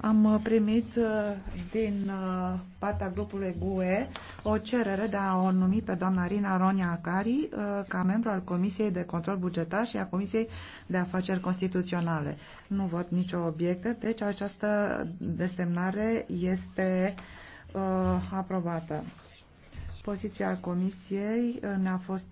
Am uh, primit uh, din uh, partea grupului GUE o cerere de a o numi pe doamna Rina Ronia Acari ca membru al Comisiei de Control Bugetar și a Comisiei de Afaceri Constituționale. Nu văd nicio obiectă, deci această desemnare este aprobată. Poziția Comisiei ne-a fost